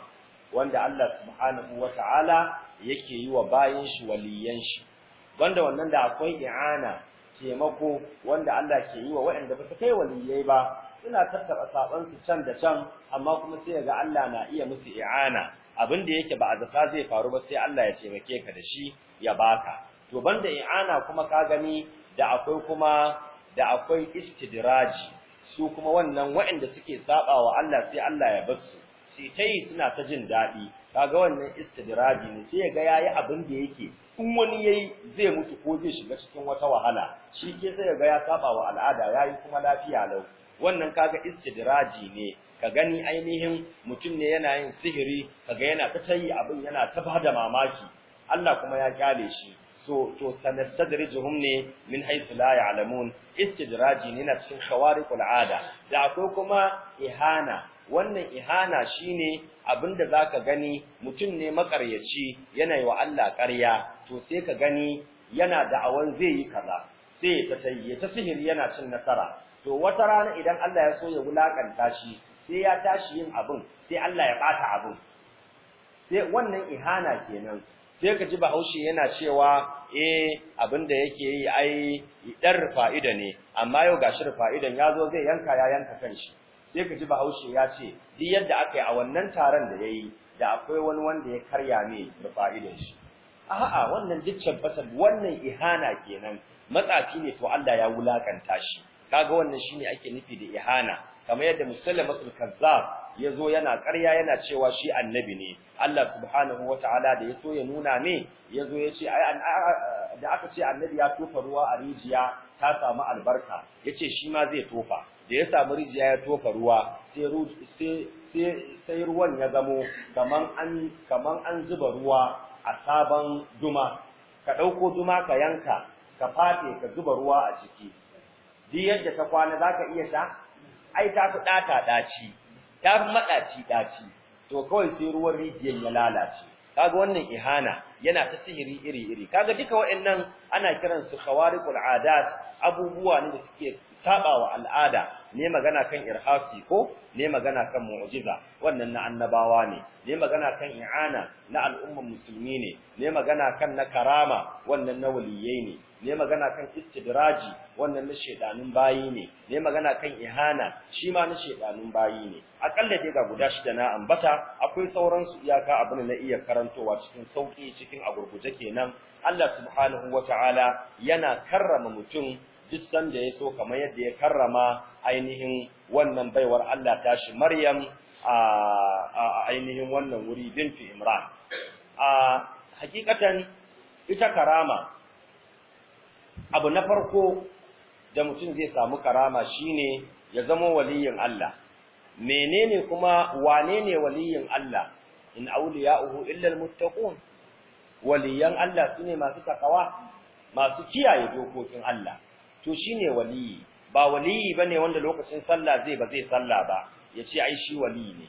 wanda Allah subhanahu wataala yake yi wa bayin shi waliyan shi banda wannan da akwai i'ana taimako wanda Allah ke yi wa waɗanda ba su kai waliyai ba suna tattaba saban su can da can amma kuma sai ga Allah na iya musu i'ana abin da yake ba a zaka zai faru ba sai Allah ya taimake ka da shi ya baka to banda i'ana kuma ka gani da akwai kuma da akwai istidraji su kuma wannan waɗanda suke saba wa Allah sai Allah ya bar su sai tai suna ta jin dadi kaga wannan istidraji ne sai ga yayi abin da yake in wani yayi zai mutu ko zai shiga cikin wata wahala shi ke sai ga ya saba wa al'ada yayi kuma lafiya lau wannan kaga istidraji ne ka gani ainihin mutum ne yana yin sihiri kaga yana ta tayi abin yana ta bada mamaki Allah kuma ya kyale shi so to sanastadrijuhum ne min haythu la ya'lamun istidraji ne na cikin khawariqul ada da akwai kuma ihana wannan ihana shine abinda zaka gani mutum ne makaryaci yana yi wa Allah ƙarya to sai ka gani yana da awan zai yi kaza sai ya ta sihiri yana cin nasara to wata rana idan Allah ya so ya wulakanta shi sai ya tashi yin abin sai Allah ya bata abin sai wannan ihana kenan sai ka ji bahaushe yana cewa eh abinda yake yi ai dar fa'ida ne amma yau gashi ya zo, zai yanka ya yanka kanshi sai ka ji bahaushe ya ce duk yadda aka yi a wannan taron da yayi da akwai wani wanda ya karya ne fa'idan shi a'a wannan dukkan fasal wannan ihana kenan matsafi ne to Allah ya wulakanta shi kaga wannan shine ake nufi da ihana kamar yadda musallamatul kazzab Ya zo yana ƙarya yana cewa shi annabi ne Allah subhanahu Ta'ala da yaso ya nuna ne. yazo yace ai da aka ce annabi ya tofa ruwa a rijiya ta samu albarka yace shi ma zai tofa da ya samu rijiya ya tofa ruwa sai ruwan ya zamo kaman an zuba ruwa a sabon duma ka dauko duma ka yanka ka fate ka zuba ruwa a ciki duk yadda ta kwana zaka iya sha ai ta fi ɗata ɗaci ta maɗaci-ɗaci, to kawai sai ruwan rijiyar ya lalace kaga wannan ihana yana ta sihiri iri iri kaga duka waɗannan ana kiransu khawariqul adat abubuwa ne da suke wa al'ada ne magana kan irhasi ko ne magana kan mu'jiza wannan na annabawa ne ne magana kan i'ana na al'umman musulmi ne ne magana kan na karama wannan na waliyai ne ne magana kan istidraji wannan na shedanun bayi ne ne magana kan ihana shi ma na shedanun bayi ne akalla dai ga guda shida na ambata akwai sauran su iyaka abin na iya karantowa cikin sauki cikin agurguje kenan Allah subhanahu wataala yana karrama mutum duk sanda ya so kamar yadda ya karrama ainihin wannan baiwar Allah tashi Maryam a ainihin wannan wuri binti Imran a hakikatan ita karama abu na farko da mutum zai samu karama shine ya zama waliyin Allah menene kuma wane ne waliyin Allah in awliya'uhu illa almuttaqun waliyan Allah sune masu takawa masu kiyaye dokokin Allah to shi ne waliyi ba waliyi bane wanda lokacin sallah zai ba zai sallah ba ya yace ai shi waliyi ne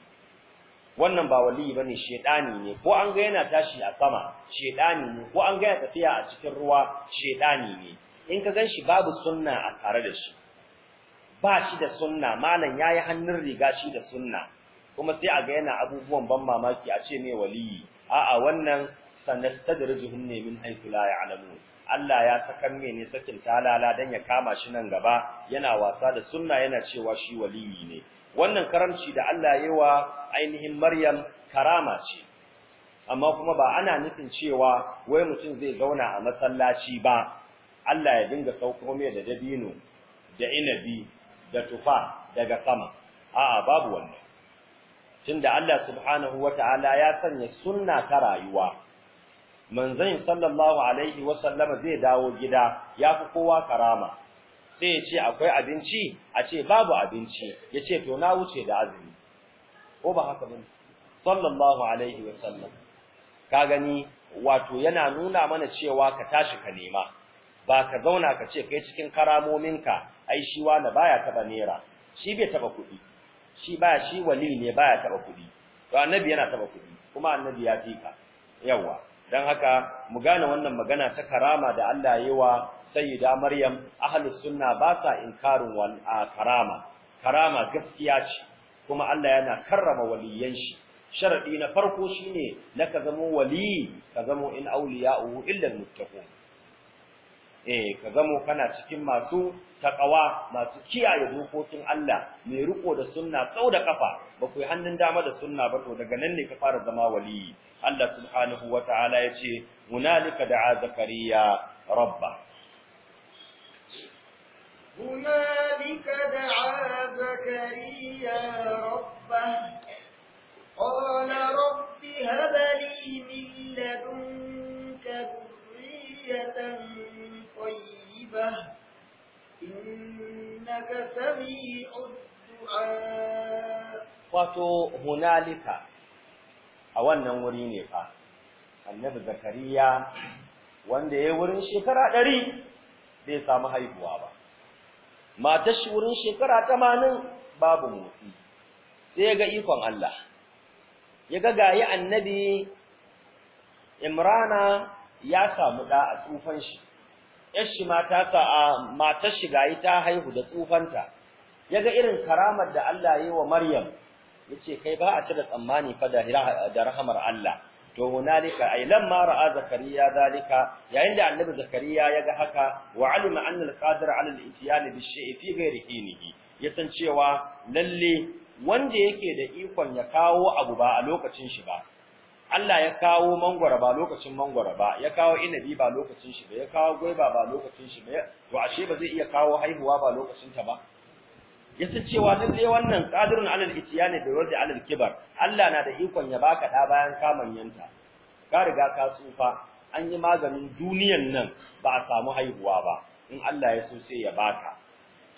wannan ba waliyi bane shedani ne ko an ga yana tashi a sama shedani ne ko an ga yana tafiya a cikin ruwa shedani ne in ka ganshi babu sunna a tare da shi ba shi da sunna malam yayi hannun riga shi da sunna kuma sai a ga yana abubuwan ban mamaki a ce me waliyi a'a wannan sanastadrijuhum ne min haythu la ya'lamun Allah ya sakan mai ne sakin talala dan ya kama shi nan gaba yana wasa da sunna yana cewa shi waliyi ne wannan karamci da Allah ya yi wa ainihin Maryam karama ce amma kuma ba ana nufin cewa wai mutum zai zauna a masallaci ba Allah ya dinga sauko mai da dabino da inabi da tufa daga sama a'a babu wannan tunda Allah subhanahu wataala ya sanya sunna ta rayuwa manzon sallallahu alaihi wasallama zai dawo gida yafi kowa karama sai ya ce akwai abinci a ce babu abinci ya ce to na wuce da azumi ko ba haka bane sallallahu alaihi wasallam ka gani wato yana nuna mana cewa ka tashi ka nema ba ka zauna ka ce kai cikin karamominka ai shi wani baya taba nera shi bai taba kuɗi shi baya shi wali ne baya taba kuɗi to annabi yana taba kuɗi kuma annabi ya fika yawa dan haka mu gane wannan magana ta karama da Allah ya yi wa sayyida Maryam ahlus sunna ba sa inkarin wal karama karama gaskiya ce kuma Allah yana karrama waliyan shi sharadi na farko shine na ka zama wali ka zama in awliya'u illa almuttaqun eh ka zama kana cikin masu taqawa masu kiyaye dokokin Allah mai riko da sunna tsau da kafa ba ku hannun dama da sunna ba to daga nan ne ka fara zama wali Allah subhanahu wataala yace hunalika da'a zakariya rabba hunalika da'a zakariya rabba qala rabbi hab li min ladunka dhurriyatan tayyibah innaka sami'ud du'a wato hunalika a wannan wuri ne fa annabi zakariya wanda ya wurin shekara ɗari bai samu haihuwa ba matar shi wurin shekara tamanin babu motsi sai ya ga ikon Allah ya ga gayi annabi imrana ya samu ɗa'a a tsufan shi yar shi mata ka a matar shi gayi ta haihu da tsufanta ya ga irin karamar da Allah ya yi wa maryam yace kai ba a cire tsammani fa da rahamar Allah to hunalika ay lamma ra'a zakariya zalika yayin da annabi zakariya ya ga haka wa alima anna al-qadir ala al-ityan bi shay'i fi ghairi hinihi yasan cewa lalle wanda yake da ikon ya kawo abu ba a lokacin shi ba Allah ya kawo mangwara ba lokacin mangwara ba ya kawo inabi ba lokacin shi ba ya kawo gwaiba ba lokacin shi ba to ashe ba zai iya kawo haihuwa ba lokacin ta ba ya san cewa lalle wannan qadirun alal itiyani da wardi alal kibar Allah na da ikon ya baka da bayan kamanyanta ka riga ka tsufa an yi maganin duniyan nan ba a samu haihuwa ba in Allah ya so sai ya baka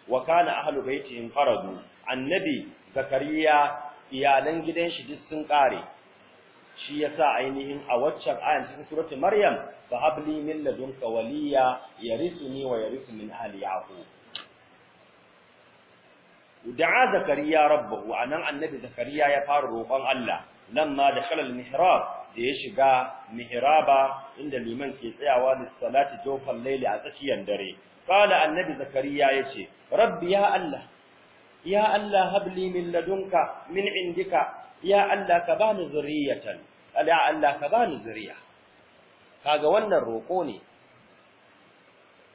wa kana ahlu in faradu annabi zakariya iyalan gidan shi duk sun kare shi yasa ainihin a waccan ayan cikin suratul maryam fa habli min ladunka waliya yarisuni wa yarisu min ali yaqub da'a zakariya rabbahu anan annabi zakariya ya fara roƙon Allah lamma dakhala al-mihrab da ya shiga mihraba inda liman ke tsayawa da salati jofan laili a tsakiyar dare qala annabi zakariya yace rabbi ya Allah ya Allah habli min ladunka min indika ya Allah ka bani zuriyatan ya Allah ka bani zuriya kaga wannan roƙo ne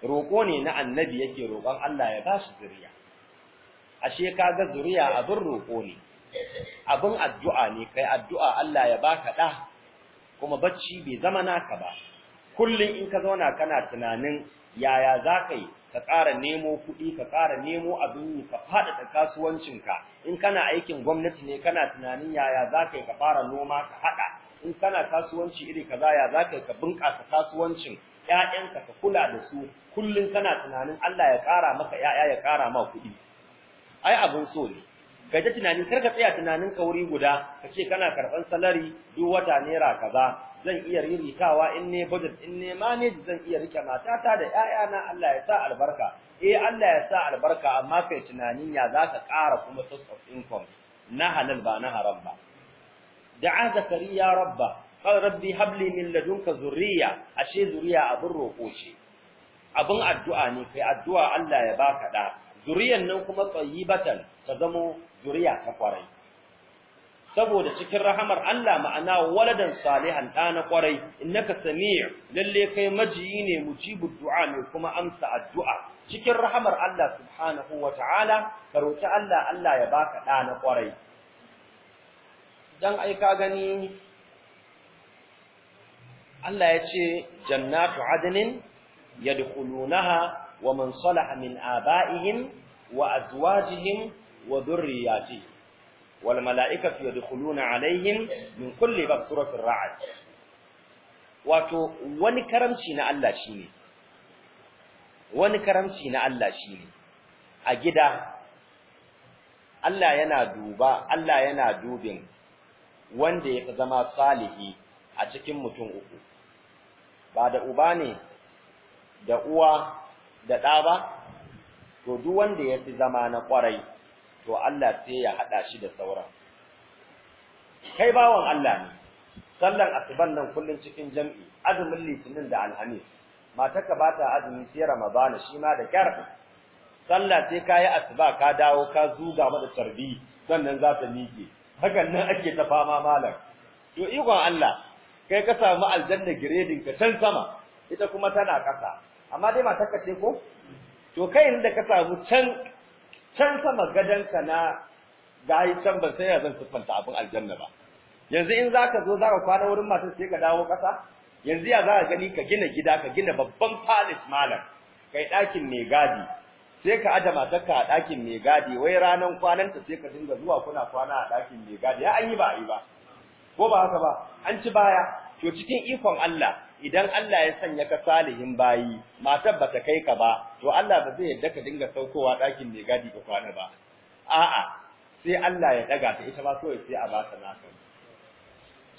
roƙo ne na annabi yake roƙon Allah ya bashi zuriya ashe ka ga zuriya abin roƙo ne abin addu'a ne kai addu'a Allah ya baka ɗa kuma bacci bai zama naka ba kullum in ka zauna kana tunanin yaya za ka yi ka ƙara nemo kuɗi ka ƙara nemo abin yi ka da kasuwancinka in kana aikin gwamnati ne kana tunanin yaya za ka ka fara noma ka haɗa in kana kasuwanci iri kaza ya za ka ka bunƙasa kasuwancin ‘ya'yanka ka kula da su kullum kana tunanin Allah ya ƙara maka ‘ya'ya ya ƙara ma kuɗi ai abun so ne Ka ta tunani kar ka tsaya tunanin ka wuri guda ka ce kana karban salari duk wata naira kaza zan iya ririkawa in ne budget in ne manage zan iya rike matata da ƴaƴana Allah ya sa albarka eh Allah ya sa albarka amma kai tunanin ya za ka ƙara kuma source of income na halal ba na haram ba da'a ya rabba qal rabbi habli min ladunka zurriya ashe zuriya abin roƙo ce abun addu'a ne kai addu'a Allah ya baka da zuriyan nan kuma tsayibatan ta zamo zuriya ta kwarai saboda cikin rahamar Allah ma'ana waladan salihan da na kwarai innaka sami' lalle kai majiyi ne mujibu du'a ne kuma amsa addu'a cikin rahamar Allah subhanahu wata'ala ka Allah Allah ya baka da na kwarai dan ai ka gani Allah ya ce jannatu adnin yadkhulunaha ومن صلح من آبائهم وأزواجهم وذرياتهم والملائكة يدخلون عليهم من كل باب سورة الرعد wato wani karamci na Allah ne wani karamci na Allah shi ne, a gida Allah yana duba Allah yana dubin wanda ya zama salihi a cikin mutum uku ba da uba ne da uwa da ɗa ba to duk wanda ya fi zama na kwarai to Allah sai ya haɗa shi da sauran kai bawan Allah ne sallan asuban nan kullum cikin jam'i azumin litinin da alhamis matarka ba ta azumin sai ramadana shi ma da kyar sallah sai kayi asuba ka dawo ka zuga mata tarbi sannan za ta miƙe hakan nan ake ta fama malam to ikon Allah kai ka samu aljanna giredin ka can sama ita kuma tana ƙasa amma dai matar ka ce ko to kai inda ka samu can can sama gadanka na gayi can ba sai ya zan siffanta abin aljanna ba yanzu in zaka zo zaka kwana wurin matar sai ka dawo kasa yanzu ya zaka gani ka gina gida ka gina babban palace malam kai dakin mai gadi sai ka aje ka a dakin mai gadi wai ranan kwananta sai ka dinga zuwa kuna kwana a ɗakin mai gadi ya an yi ba a yi ba ko ba haka ba an ci baya to cikin ikon Allah idan Allah ya sanya ka salihin bayi matar bata kai ka ba to Allah ba zai yadda ka dinga saukowa ɗakin mai gadi ka kwana ba a'a sai Allah ya ɗaga ta ita ba so sai a ba ta naka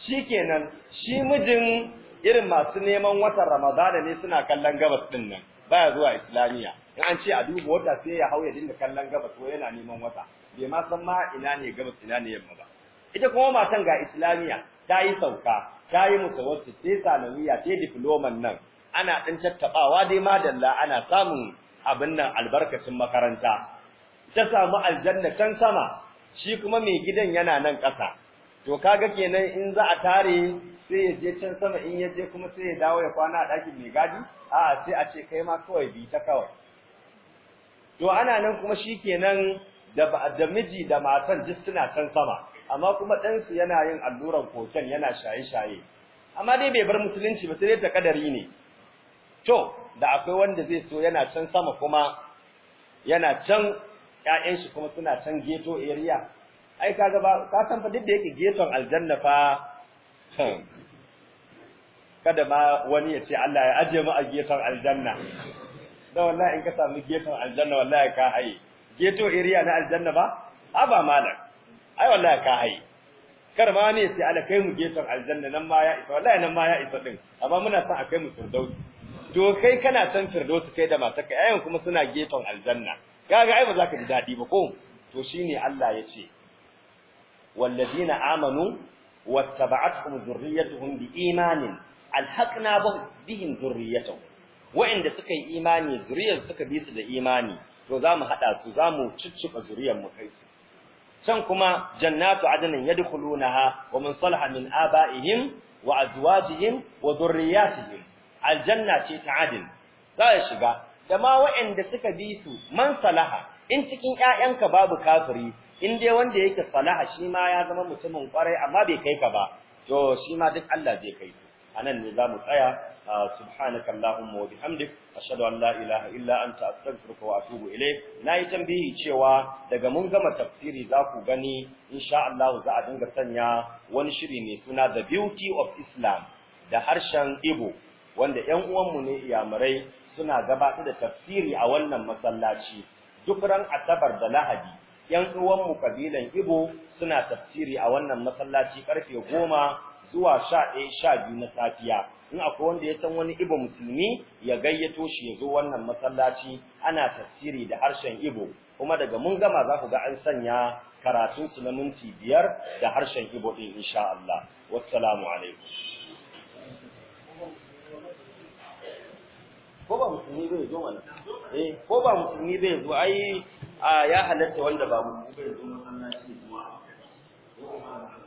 shikenan shi mijin irin masu neman watan Ramadana ne suna kallon gabas din nan baya zuwa Islamiya in an ce a duba wata sai ya hau ya dinga kallon gabas ko yana neman wata bai ma san ma ina ne gabas ina ne yamma ba ita kuma matan ga Islamiya ta yi sauka ta yi wasu sai sanawiya sai diploman nan ana ɗan tattaɓawa dai madalla ana samun abin nan albarkacin makaranta ta samu aljanna can sama shi kuma mai gidan yana nan ƙasa to kaga kenan in za a tare sai ya je can sama in ya je kuma sai ya dawo ya kwana a ɗakin mai gadi a'a sai a ce kai ma kawai bi ta kawai to ana nan kuma shi kenan da miji da matan duk suna can sama amma kuma ɗansu yana yin alluran koken yana shaye-shaye amma dai bai bar musulunci ba sai dai ta kadari ne to da akwai wanda zai so yana can sama kuma yana can ƴaƴan shi kuma suna can ghetto area ai kaga ba ka san fa duk da yake geton aljanna fa hmm, kada ma wani ya ce Allah ya aje mu a geton aljanna da wallahi in ka samu geton aljanna wallahi ka haye Geto area na aljanna ba ba malam ai wallahi ka haye kar ma ne sai ala kai mu geton aljanna nan ma ya isa wallahi nan ma ya isa din amma muna son a kai mu firdausi to kai kana san firdausi kai da matarka ayan kuma suna geton aljanna kaga ai ba za ka ji dadi ba ko to shine Allah ya ce Amanu والذين آمنوا واتبعتهم ذريتهم بإيمان ألحقنا suka yi imani zuriyar suka bi su da imani, to zamu hada su zamu cicciba zuriyar mu kai su can kuma jannatu adnin yadkhulunaha wa man salaha min aba'ihim wa azwajihim wa dhurriyyatihim aljanna ce ta adil za ya shiga da ma waɗanda suka bi su man salaha in cikin ƴaƴanka babu kafiri in dai wanda yake salaha shi ma ya zama mutumin kwarai amma bai kai ka ba to shi ma duk Allah zai kai su anan ne za mu tsaya subhanaka allahumma wa bihamdik ashhadu an la illa anta astaghfiruka wa nayi tambayi cewa daga mun gama tafsiri za ku gani insha Allah za a dinga sanya wani shiri ne suna the beauty of islam da harshen Igbo wanda ƴan uwanmu ne iyamurai suna gabatar da tafsiri a wannan masallaci duk ran asabar da lahadi ƴan uwanmu kabilan Igbo suna tafsiri a wannan masallaci karfe goma zuwa sha sha biyu na safiya in akwai wanda ya san wani ibo musulmi ya gayyato shi ya zo wannan masallaci ana tafsiri da harshen ibo kuma daga mun gama za ku ga an sanya karatun su na minti biyar da harshen ibo din insha Allah wassalamu alaikum ko ba musulmi bai zo mana eh ko ba musulmi bai zo ai ya halatta wanda ba musulmi bai zo masallaci kuma